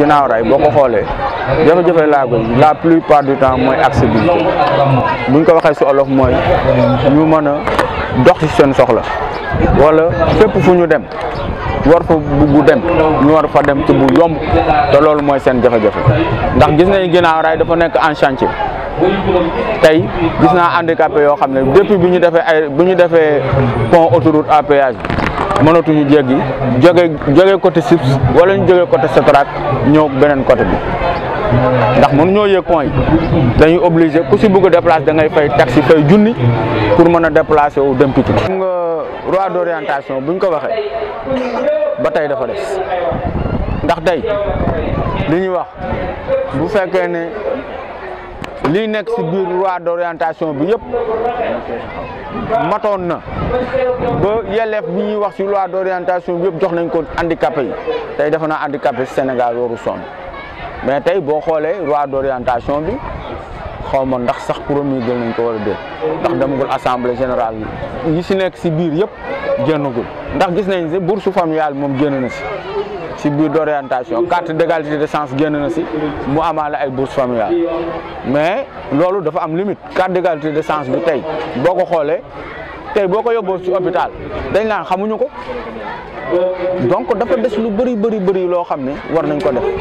ginnaaw raay boo ko xoolee jafe-jafe laa ko la plupart du temps mooy accessibilité bu ñu ko waxee si olof mooy ñu mën a dox ci seen soxla wala fépp fu ñu dem war fa bugg dem ñu war fa dem ci bu yomb te loolu mooy seen jafe-jafe ndax gis nañu ginnaaw raay dafa nekk en chantier tey gis naa handicapé yoo xam ne depuis bi ñu defee ay bi ñu defee pont autoroute à péage mënatuñu jéggi jóge jóge côté Sips wala ñu jóge côté Sotrac ñëw beneen côté bi ndax mënu ñoo yëg point yi dañuy obligé ku si bëgg a déplacer da ngay fay taxi fay junni pour mën a déplacer wu dem Pikine xam nga roi bu buñ ko waxee ba tey dafa des ndax tey li ñuy wax bu fekkee ne lii nekk si biir loi d'orientation bi yëpp matoon na ba yelleef bi ñuy wax si loi d'orientation bi yëpp jox nañ ko handicapé yi tey defe naa handicapé Sénégal waru sonn mais tey boo xoolee loi d'orientation bi xaw ma ndax sax promulgué nañ ko war de dégg ndax demagul assemblée générale yi si nekk si biir yëpp génnagul ndax gis nañ ne bourse familiale moom génn na si si biir d'orientation carte d'égalité des chances génn na si mu amaale ay bourse familiale mais loolu dafa am limite carte d'égalité des chances bi tey boo ko xoolee tey boo ko yóbboo ci hôpital dañ naan xamuñu ko donc dafa des lu bëri bëri bëri loo xam ne war nañ ko def